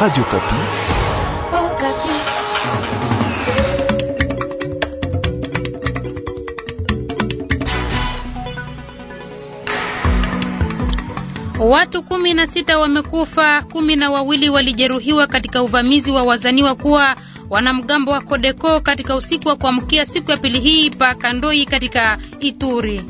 Radio Kapi. Oh, Kapi. Watu kumi na sita wamekufa, kumi na wawili walijeruhiwa katika uvamizi wa wazaniwa kuwa wanamgambo wa Kodeko katika usiku wa kuamkia siku ya pili hii pa Kandoi katika Ituri.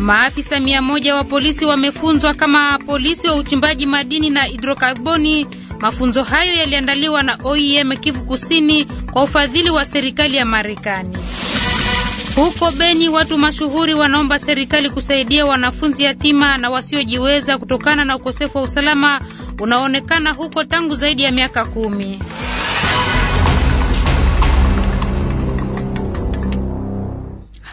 Maafisa mia moja wa polisi wamefunzwa kama polisi wa uchimbaji madini na hidrokarboni. Mafunzo hayo yaliandaliwa na OIM e Kivu Kusini kwa ufadhili wa serikali ya Marekani. Huko Beni, watu mashuhuri wanaomba serikali kusaidia wanafunzi yatima na wasiojiweza kutokana na ukosefu wa usalama unaoonekana huko tangu zaidi ya miaka kumi.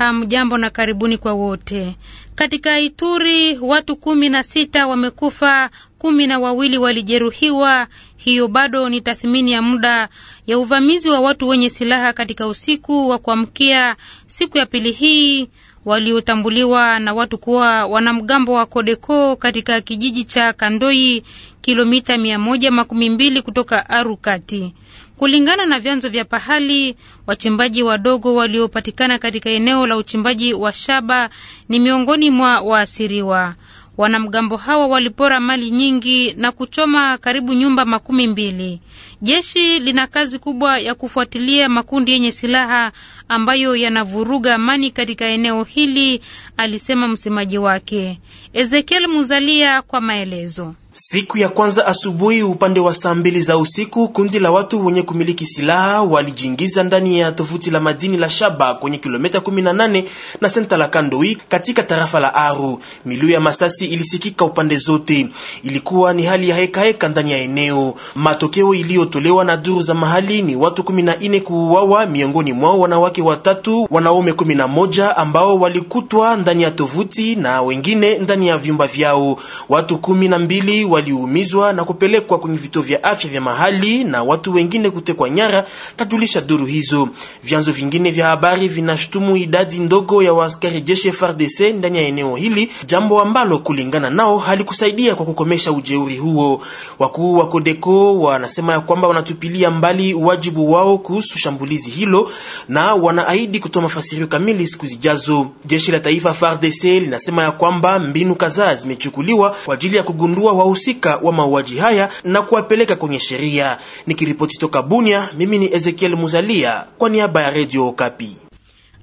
Hamjambo na karibuni kwa wote. Katika Ituri watu kumi na sita wamekufa, kumi na wawili walijeruhiwa. Hiyo bado ni tathmini ya muda ya uvamizi wa watu wenye silaha katika usiku wa kuamkia siku ya pili hii waliotambuliwa na watu kuwa wanamgambo wa Kodeko katika kijiji cha Kandoi, kilomita mia moja makumi mbili kutoka Arukati. Kulingana na vyanzo vya pahali, wachimbaji wadogo waliopatikana katika eneo la uchimbaji wa shaba ni miongoni mwa waasiriwa. Wanamgambo hawa walipora mali nyingi na kuchoma karibu nyumba makumi mbili. Jeshi lina kazi kubwa ya kufuatilia makundi yenye silaha ambayo yanavuruga amani katika eneo hili, alisema msemaji wake Ezekiel Muzalia kwa maelezo. Siku ya kwanza asubuhi, upande wa saa mbili za usiku, kundi la watu wenye kumiliki silaha walijiingiza ndani ya tovuti la madini la shaba kwenye kilomita 18 na senta la Kandoi katika tarafa la Aru. Milio ya masasi ilisikika upande zote, ilikuwa ni hali ya heka heka ndani ya eneo. Matokeo iliyotolewa na duru za mahali ni watu 14 kuuawa, miongoni mwao wanawake wanawake watatu, wanaume kumi na moja ambao walikutwa ndani ya tovuti na wengine ndani ya vyumba vyao. Watu kumi na mbili waliumizwa na kupelekwa kwenye vituo vya afya vya mahali na watu wengine kutekwa nyara, kajulisha duru hizo. Vyanzo vingine vya habari vinashutumu idadi ndogo ya waaskari jeshi FRDC ndani ya eneo hili, jambo ambalo kulingana nao halikusaidia kwa kukomesha ujeuri huo. Wakuu wa Kodeko wanasema ya kwamba wanatupilia mbali wajibu wao kuhusu shambulizi hilo na wanaahidi kutoa mafasirio kamili siku zijazo. Jeshi la taifa FARDC linasema ya kwamba mbinu kadhaa zimechukuliwa kwa ajili ya kugundua wahusika wa mauaji haya na kuwapeleka kwenye sheria. Nikiripoti toka Bunia, mimi ni Ezekiel Muzalia kwa niaba ya Radio Okapi.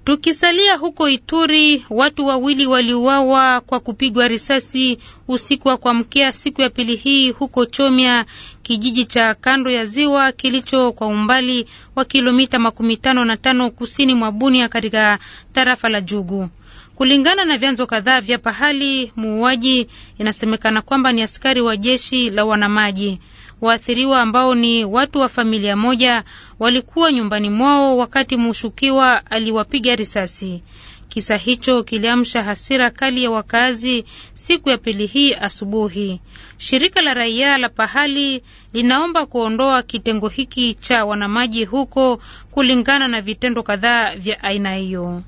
Tukisalia huko Ituri, watu wawili waliuawa kwa kupigwa risasi usiku wa kuamkia siku ya pili hii huko Chomia, kijiji cha kando ya ziwa kilicho kwa umbali wa kilomita makumi tano na tano kusini mwa Bunia katika tarafa la Jugu. Kulingana na vyanzo kadhaa vya pahali, muuaji inasemekana kwamba ni askari wa jeshi la wanamaji. Waathiriwa ambao ni watu wa familia moja walikuwa nyumbani mwao wakati mshukiwa aliwapiga risasi. Kisa hicho kiliamsha hasira kali ya wakazi siku ya pili hii asubuhi. Shirika la raia la pahali linaomba kuondoa kitengo hiki cha wanamaji huko kulingana na vitendo kadhaa vya aina hiyo.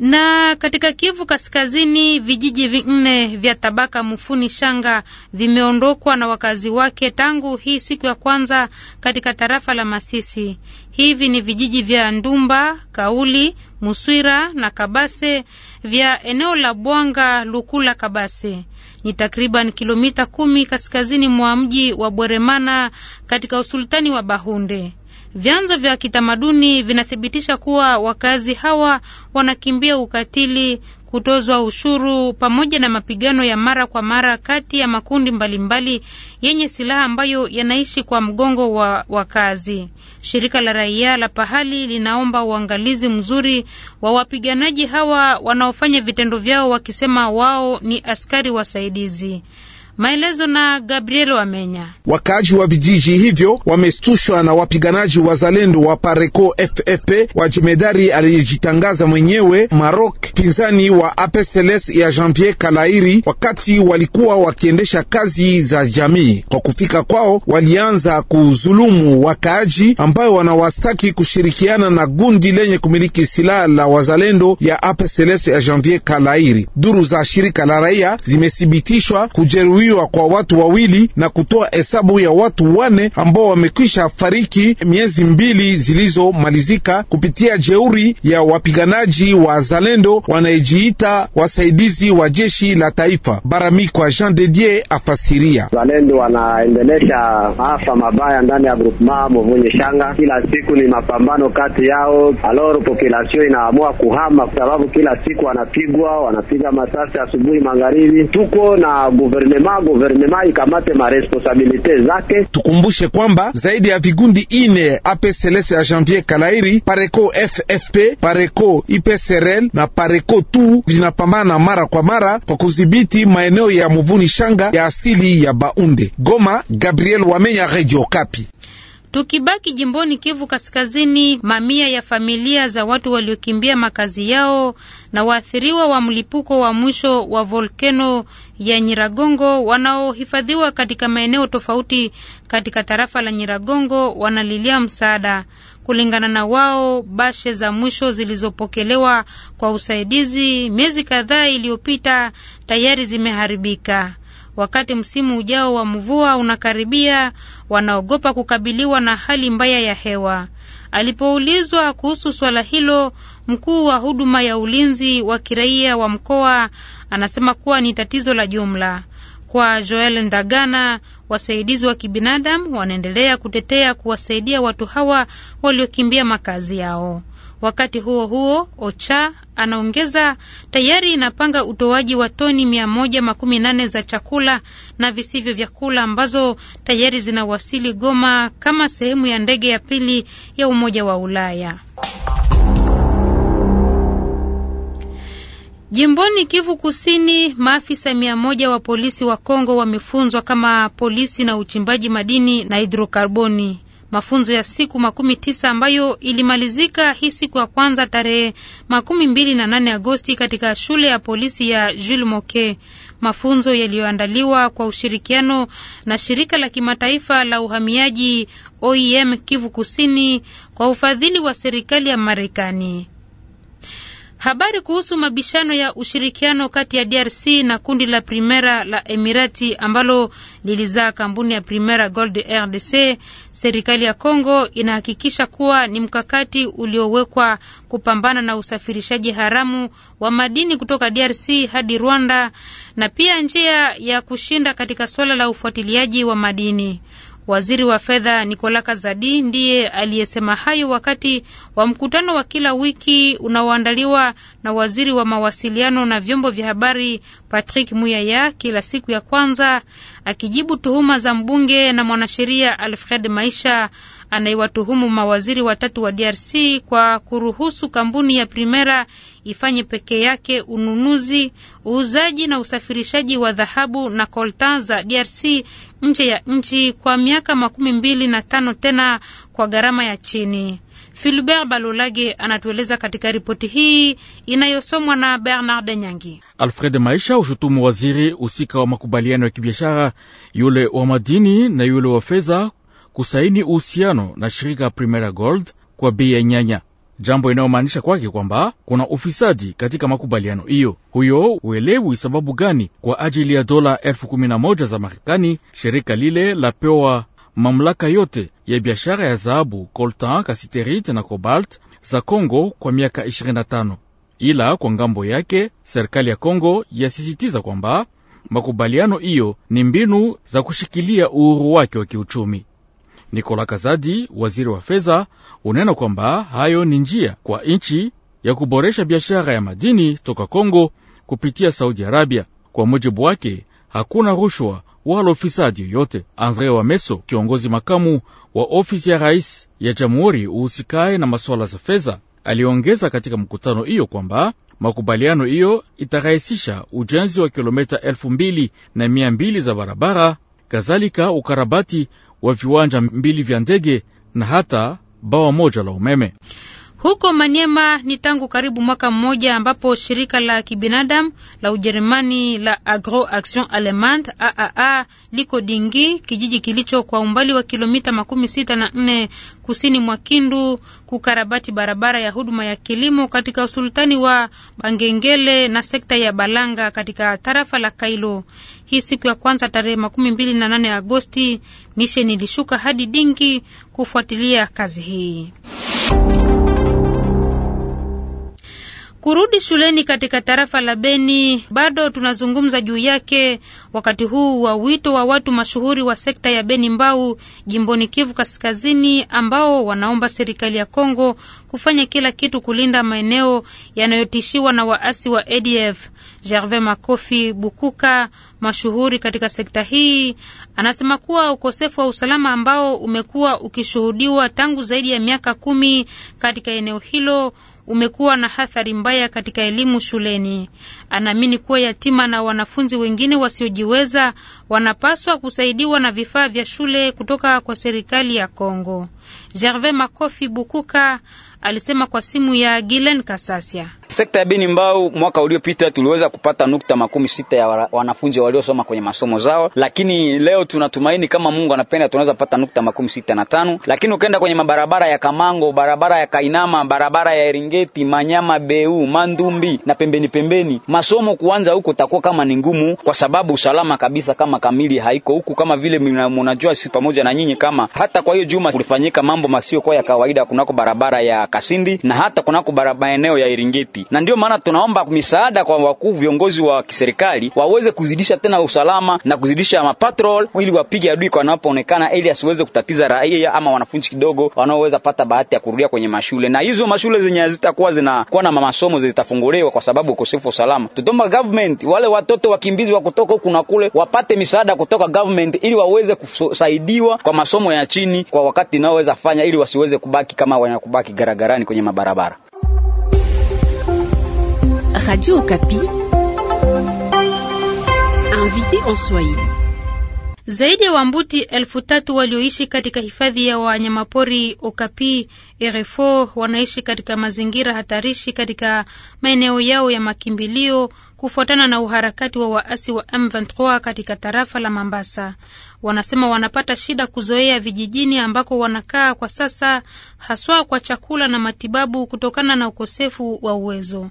Na katika Kivu Kaskazini, vijiji vinne vya tabaka Mufuni Shanga vimeondokwa na wakazi wake tangu hii siku ya kwanza katika tarafa la Masisi. Hivi ni vijiji vya Ndumba, Kauli, Muswira na Kabase vya eneo la Bwanga Lukula Kabase. Ni takriban kilomita kumi kaskazini mwa mji wa Bweremana katika usultani wa Bahunde. Vyanzo vya kitamaduni vinathibitisha kuwa wakazi hawa wanakimbia ukatili, kutozwa ushuru pamoja na mapigano ya mara kwa mara kati ya makundi mbalimbali mbali yenye silaha ambayo yanaishi kwa mgongo wa wakazi. Shirika la raia la pahali linaomba uangalizi mzuri wa wapiganaji hawa wanaofanya vitendo vyao wakisema wao ni askari wasaidizi. Maelezo na Gabriel Wamenya. Wakaaji wa vijiji hivyo wamestushwa na wapiganaji wazalendo wa Pareco FFP wa jemedari aliyejitangaza mwenyewe Marok, pinzani wa APCLS ya Jean-Pierre Kalairi, wakati walikuwa wakiendesha kazi za jamii. Kwa kufika kwao, walianza kuzulumu wakaaji ambayo wanawastaki kushirikiana na gundi lenye kumiliki silaha la wazalendo ya APCLS ya Jean-Pierre Kalairi. Duru za shirika la raia zimethibitishwa kujeruhiwa kuhesabiwa kwa watu wawili na kutoa hesabu ya watu wane ambao wamekwisha fariki miezi mbili zilizomalizika kupitia jeuri ya wapiganaji wa zalendo wanayejiita wasaidizi wa jeshi la taifa. Barami kwa Jean dedie afasiria zalendo wanaendelesha maafa mabaya ndani ya groupema Movunye Shanga. Kila siku ni mapambano kati yao, alor population inaamua kuhama kwa sababu kila siku wanapigwa, wanapiga masasi asubuhi, magharibi. Tuko na guvernema gouvernement ikamate maresponsabilite zake. Tukumbushe kwamba zaidi ya vigundi ine APCLS ya Janvier Kalairi, Pareco FFP, Pareco IPSRL na Pareco tu vinapambana mara kwa mara kwa kudhibiti maeneo ya muvuni shanga ya asili ya Baunde. Goma, Gabriel Wamenya, Radio Kapi. Tukibaki jimboni Kivu Kaskazini, mamia ya familia za watu waliokimbia makazi yao na waathiriwa wa mlipuko wa mwisho wa volkeno ya Nyiragongo wanaohifadhiwa katika maeneo tofauti katika tarafa la Nyiragongo wanalilia msaada. Kulingana na wao, bashe za mwisho zilizopokelewa kwa usaidizi miezi kadhaa iliyopita tayari zimeharibika. Wakati msimu ujao wa mvua unakaribia, wanaogopa kukabiliwa na hali mbaya ya hewa. Alipoulizwa kuhusu swala hilo, mkuu wa huduma ya ulinzi wa kiraia wa mkoa anasema kuwa ni tatizo la jumla. Kwa Joel Ndagana, wasaidizi wa kibinadamu wanaendelea kutetea kuwasaidia watu hawa waliokimbia makazi yao. Wakati huo huo, OCHA anaongeza tayari inapanga utoaji wa toni mia moja makumi nane za chakula na visivyo vyakula ambazo tayari zinawasili Goma kama sehemu ya ndege ya pili ya Umoja wa Ulaya. Jimboni Kivu Kusini, maafisa mia moja wa polisi wa Kongo wamefunzwa kama polisi na uchimbaji madini na hidrokarboni mafunzo ya siku makumi tisa ambayo ilimalizika hii siku ya kwanza tarehe makumi mbili na nane Agosti katika shule ya polisi ya Jules Moke, mafunzo yaliyoandaliwa kwa ushirikiano na shirika la kimataifa la uhamiaji OIM Kivu Kusini kwa ufadhili wa serikali ya Marekani. Habari kuhusu mabishano ya ushirikiano kati ya DRC na kundi la Primera la Emirati ambalo lilizaa kampuni ya Primera Gold RDC, serikali ya Kongo inahakikisha kuwa ni mkakati uliowekwa kupambana na usafirishaji haramu wa madini kutoka DRC hadi Rwanda na pia njia ya kushinda katika suala la ufuatiliaji wa madini. Waziri wa fedha Nicolas Kazadi ndiye aliyesema hayo wakati wa mkutano wa kila wiki unaoandaliwa na waziri wa mawasiliano na vyombo vya habari Patrick Muyaya kila siku ya kwanza, akijibu tuhuma za mbunge na mwanasheria Alfred Maisha anaiwatuhumu mawaziri watatu wa DRC kwa kuruhusu kampuni ya Primera ifanye peke yake ununuzi, uuzaji na usafirishaji wa dhahabu na coltan za DRC nje ya nchi kwa miaka makumi mbili na tano tena kwa gharama ya chini. Filbert Balolage anatueleza katika ripoti hii inayosomwa na Bernard Nyangi. Alfred Maisha ushutumu waziri husika wa makubaliano ya kibiashara, yule wa madini na yule wa fedha kusaini uhusiano na shirika Primera Gold kwa bei ya nyanya, jambo inayomaanisha kwake kwamba kuna ufisadi katika makubaliano hiyo. Huyo huelewi sababu gani kwa ajili ya dola elfu kumi na moja za Marekani shirika lile lapewa mamlaka yote ya biashara ya zahabu coltan, kasiterite na cobalt za congo kwa miaka 25. Ila kwa ngambo yake serikali ya congo yasisitiza kwamba makubaliano hiyo ni mbinu za kushikilia uhuru wake wa kiuchumi. Nikola Kazadi, waziri wa fedha, unena kwamba hayo ni njia kwa nchi ya kuboresha biashara ya madini toka Kongo kupitia Saudi Arabia. Kwa mujibu wake, hakuna rushwa wala ufisadi yoyote. Andre Wameso, kiongozi makamu wa ofisi ya rais ya jamhuri uhusikaye na masuala za fedha, aliongeza katika mkutano hiyo kwamba makubaliano hiyo itarahisisha ujenzi wa kilometa elfu mbili na mia mbili za barabara, kadhalika ukarabati wa viwanja mbili vya ndege na hata bawa moja la umeme. Huko Manyema ni tangu karibu mwaka mmoja ambapo shirika la kibinadamu la Ujerumani la Agro Action Allemande AAA liko Dingi, kijiji kilicho kwa umbali wa kilomita makumi sita na nne kusini mwa Kindu, kukarabati barabara ya huduma ya kilimo katika usultani wa Bangengele na sekta ya Balanga katika tarafa la Kailo. Hii siku ya kwanza tarehe makumi mbili na nane Agosti, misheni ilishuka hadi Dingi kufuatilia kazi hii. Kurudi shuleni katika tarafa la Beni bado tunazungumza juu yake wakati huu wa wito wa watu mashuhuri wa sekta ya Beni Mbau jimboni Kivu Kaskazini ambao wanaomba serikali ya Kongo kufanya kila kitu kulinda maeneo yanayotishiwa na waasi wa ADF. Gervais Makofi Bukuka, mashuhuri katika sekta hii, anasema kuwa ukosefu wa usalama ambao umekuwa ukishuhudiwa tangu zaidi ya miaka kumi katika eneo hilo umekuwa na athari mbaya katika elimu shuleni. Anaamini kuwa yatima na wanafunzi wengine wasiojiweza wanapaswa kusaidiwa na vifaa vya shule kutoka kwa serikali ya Kongo. Gervais Makofi Bukuka alisema kwa simu ya Gilen Kasasia. Sekta ya Beni Mbau mwaka uliopita tuliweza kupata nukta makumi sita ya wanafunzi waliosoma kwenye masomo zao, lakini leo tunatumaini kama Mungu anapenda tunaweza kupata nukta makumi sita na tano. Lakini ukenda kwenye mabarabara ya Kamango, barabara ya Kainama, barabara ya Eringeti, Manyama, Beu, Mandumbi na pembeni pembeni, masomo kuanza huko takuwa kama ni ngumu, kwa sababu usalama kabisa kama kamili haiko huku, kama vile mnajua sisi pamoja na nyinyi, kama hata kwa hiyo juma kulifanyika katika mambo masiokuwa ya kawaida kunako barabara ya Kasindi na hata kunako maeneo ya Iringeti, na ndio maana tunaomba misaada kwa wakuu viongozi wa kiserikali waweze kuzidisha tena usalama na kuzidisha mapatrol ili wapige adui kwa ili asiweze kutatiza raia ama wanafunzi kidogo wanaoweza pata bahati ya kurudia kwenye mashule, na hizo mashule zenye hazitakuwa zinakuwa na masomo zitafunguliwa kwa sababu ukosefu usalama. Tutomba government wale watoto wakimbizi wa kutoka huku na kule wapate misaada kutoka government ili waweze kusaidiwa kwa masomo ya chini kwa wakati nao wanaweza fanya ili wasiweze kubaki kama wanakubaki garagarani kwenye mabarabara. Radio Okapi, invité en Swahili. Zaidi ya Wambuti elfu tatu walioishi katika hifadhi ya wanyamapori Okapi Erefo wanaishi katika mazingira hatarishi katika maeneo yao ya makimbilio kufuatana na uharakati wa waasi wa M23 katika tarafa la Mambasa. Wanasema wanapata shida kuzoea vijijini ambako wanakaa kwa sasa, haswa kwa chakula na matibabu kutokana na ukosefu wa uwezo.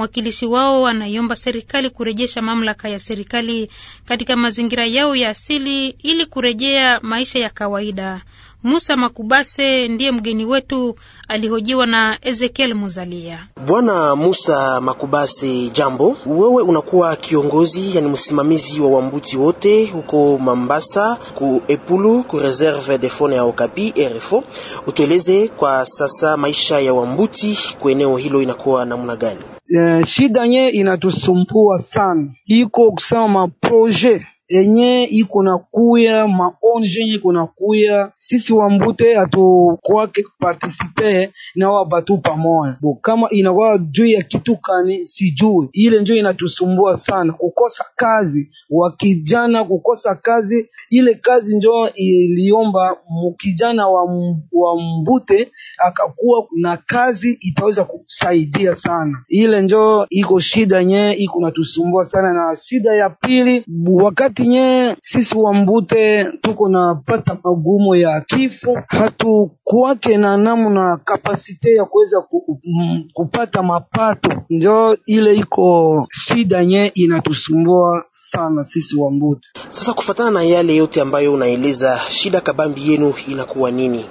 Mwakilishi wao anaiomba serikali kurejesha mamlaka ya serikali katika mazingira yao ya asili ili kurejea maisha ya kawaida. Musa Makubase ndiye mgeni wetu, alihojiwa na Ezekiel Muzalia. Bwana Musa Makubase, jambo. Wewe unakuwa kiongozi, yani msimamizi wa wambuti wote huko Mambasa, ku Epulu, ku reserve de fone ya Okapi RFO. Utueleze kwa sasa maisha ya wambuti kueneo eneo hilo inakuwa namna gani? Eh, shida nye inatusumbua sana iko kusema maproje enye iko na kuya maonje iko na kuya, sisi wambute hatukwake partisipe na wa batu pamoja bo. Kama inakuwa juu ya kitu kani sijui, ile njo inatusumbua sana, kukosa kazi wa kijana, kukosa kazi. Ile kazi njo iliomba mukijana wa, wa mbute akakuwa na kazi, itaweza kusaidia sana. Ile njo iko shida nye iko natusumbua sana, na shida ya pili wakati tinye sisi wa mbute tuko napata magumo ya kifo, hatukuwake na namna kapasite ya kuweza mm, kupata mapato, ndio ile iko shida nye inatusumbua sana sisi wa mbute Sasa kufatana na yale yote ambayo unaeleza, shida kabambi yenu inakuwa nini?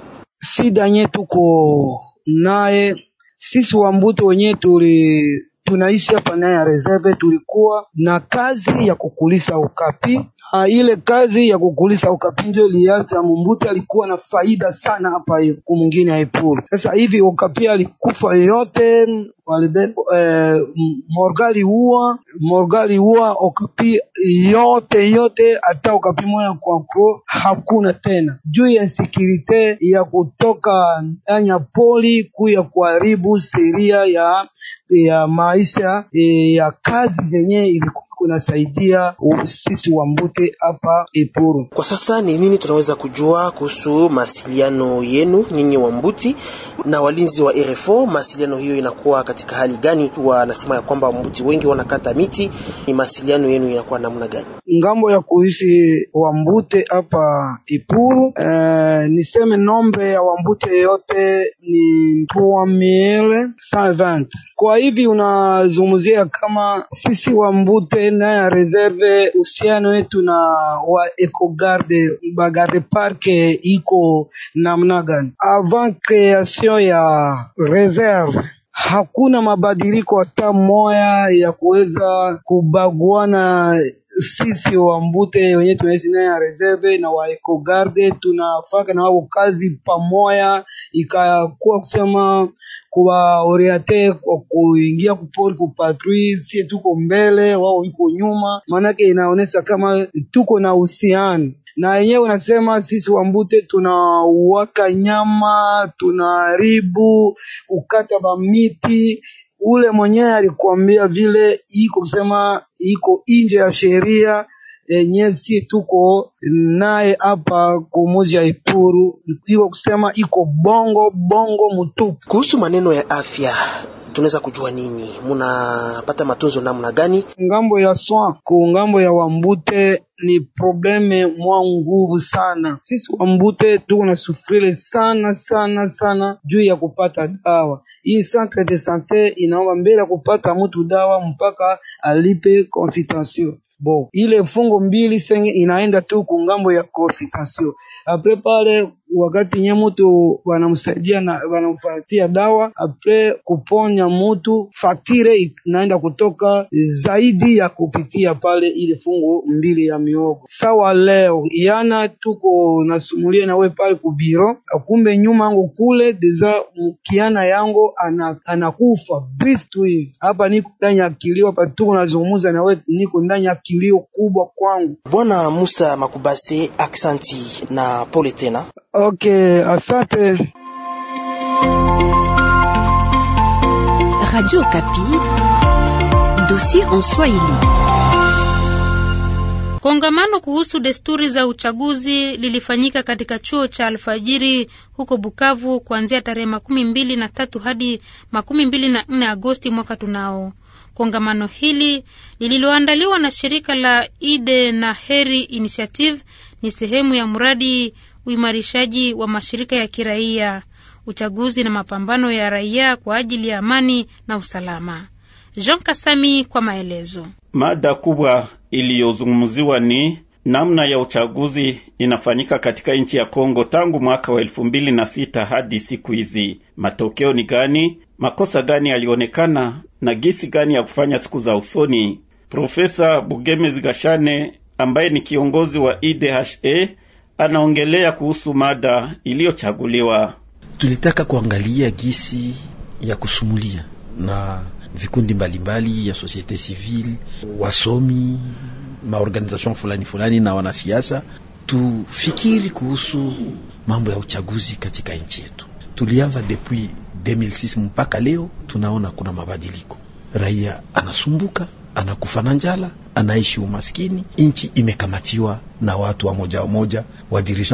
Shida nye tuko naye sisi wa mbute wenyewe tuli tunaishi hapa naye ya reserve, tulikuwa na kazi ya kukulisa ukapi. Ha, ile kazi ya kukulisa ukapi ndio ilianza. Mumbuti alikuwa na faida sana hapa kumwingine aipuru. Sasa hivi ukapi alikufa yote e, morgali huwa morgali huwa okapi yote yote, hata okapi moya kwako hakuna tena, juu ya sekirite ya kutoka anya poli kuya kuharibu seria ya ya maisha e, ya kazi zenye ilikuwa unasaidia sisi wa Mbute hapa Ipuru. Kwa sasa ni nini tunaweza kujua kuhusu masiliano yenu nyinyi wa Mbuti na walinzi wa RFO? Masiliano hiyo inakuwa katika hali gani? Wanasema ya kwamba Wambuti wengi wanakata miti, ni masiliano yenu inakuwa namna gani? Ngambo ya kuishi Wambute hapa Ipuru, eh, niseme nombre ya Wambute yote ni trois miele 120 Kwa hivi unazungumzia kama sisi Wambute naye reserve uhusiano wetu na wa ecogarde bagarde park iko namna gani? Avant creation ya reserve hakuna mabadiliko hata moya ya kuweza kubaguana sisi wambute wenyewe tunaishi naye ya reserve na waekogarde tunafaka na wao kazi pamoya, ikakuwa kusema kuwaoriate kwa kuingia kupori kupatrui, sie tuko mbele, wao iko nyuma. Maanake inaonyesha kama tuko na uhusiano na yenyewe unasema sisi Wambute tunawaka nyama, tunaharibu kukata bamiti, ule mwenyewe alikuambia vile iko kusema iko nje ya sheria yenye si tuko naye hapa kumoja ipuru iko kusema iko bongo bongo mtupu. Kuhusu maneno ya afya tunaweza kujua nini, munapata matunzo namna gani ngambo ya swa ku ngambo ya Wambute? Ni probleme mwa nguvu sana. Sisi Wambute tuko na sufrile sana sana sana juu ya kupata dawa. Hii centre de sante inaomba mbele kupata mtu dawa mpaka alipe consultation bo, ile fungo mbili senge inaenda tu ngambo ya consultation apre pale wakati nye mutu wanamsaidia na wanamfatia dawa apre kuponya mutu, faktire inaenda kutoka zaidi ya kupitia pale ile fungu mbili ya miogo. Sawa, leo yana tuko nasumulia nawe pale kubiro, kumbe nyuma yangu kule deza mkiana yango anakufa ana vitu hivi hapa, niko ndani ya kilio hapa, tuko nazungumuza nawe, niko ndani ya kilio kubwa kwangu. Bwana Musa Makubase, aksanti na pole tena. Okay, asante. Radio Kapi, dossier en Swahili. Kongamano kuhusu desturi za uchaguzi lilifanyika katika chuo cha Alfajiri huko Bukavu kuanzia tarehe makumi mbili na tatu hadi makumi mbili na nne Agosti mwaka tunao. Kongamano hili lililoandaliwa na shirika la Ide na Heri Initiative ni sehemu ya mradi uimarishaji wa mashirika ya kiraia, uchaguzi na mapambano ya raia kwa ajili ya amani na usalama. Jean Kasami kwa maelezo. Mada kubwa iliyozungumziwa ni namna ya uchaguzi inafanyika katika nchi ya Kongo tangu mwaka wa elfu mbili na sita hadi siku hizi. Matokeo ni gani? Makosa gani yalionekana na gisi gani ya kufanya siku za usoni? Profesa Bugemezi Gashane ambaye ni kiongozi wa IDHA anaongelea kuhusu mada iliyochaguliwa. Tulitaka kuangalia gisi ya kusumulia na vikundi mbalimbali mbali ya societe civile, wasomi, maorganization fulani fulani na wanasiasa, tufikiri kuhusu mambo ya uchaguzi katika nchi yetu. Tulianza depuis 2006 mpaka leo, tunaona kuna mabadiliko, raia anasumbuka anakufa na njala, anaishi umaskini. Nchi imekamatiwa na watu wa moja wa moja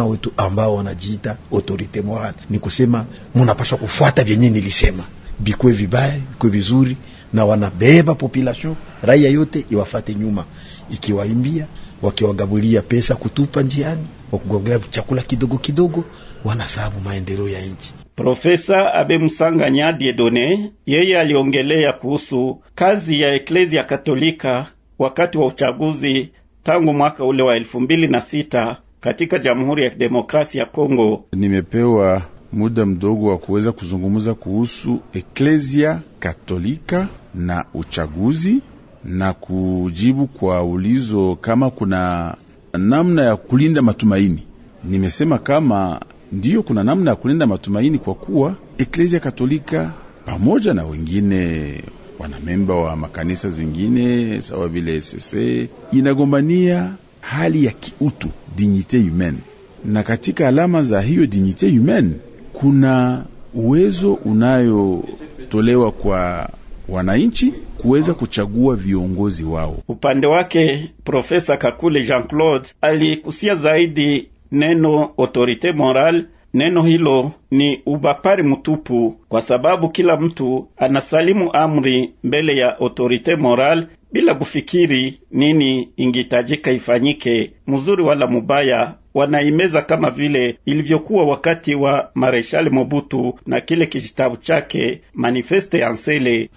wetu ambao wanajiita autorite morale. Ni kusema munapashwa kufuata vyenye nilisema, bikwe vibaya, bikwe vizuri, na wanabeba population raia yote iwafate nyuma, ikiwaimbia wakiwagabulia pesa kutupa njiani, wakugabulia chakula kidogo kidogo, wanasabu maendeleo ya nchi. Profesa Abe Msanganya Diedone yeye aliongelea kuhusu kazi ya Eklezia Katolika wakati wa uchaguzi tangu mwaka ule wa elfu mbili na sita katika Jamhuri ya Kidemokrasia ya Kongo. Nimepewa muda mdogo wa kuweza kuzungumza kuhusu Eklezia Katolika na uchaguzi na kujibu kwa ulizo kama kuna namna ya kulinda matumaini. Nimesema kama ndiyo kuna namna ya kulinda matumaini, kwa kuwa Eklezia Katolika pamoja na wengine wanamemba wa makanisa zingine sawa vile sese inagombania hali ya kiutu dignite humaine, na katika alama za hiyo dignite humaine kuna uwezo unayotolewa kwa wananchi kuweza kuchagua viongozi wao. Upande wake Profesa Kakule Jean Claude alikusia zaidi neno autorite morale Neno hilo ni ubapari mutupu kwa sababu kila mtu anasalimu amri mbele ya autorite moral bila kufikiri nini ingitajika ifanyike, mzuri wala mubaya. Wanaimeza kama vile ilivyokuwa wakati wa Mareshali Mobutu na kile kijitabu chake Manifeste Ansele.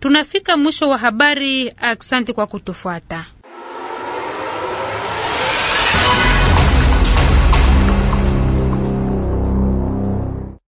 Tunafika mwisho wa habari. Aksanti kwa kutufuata.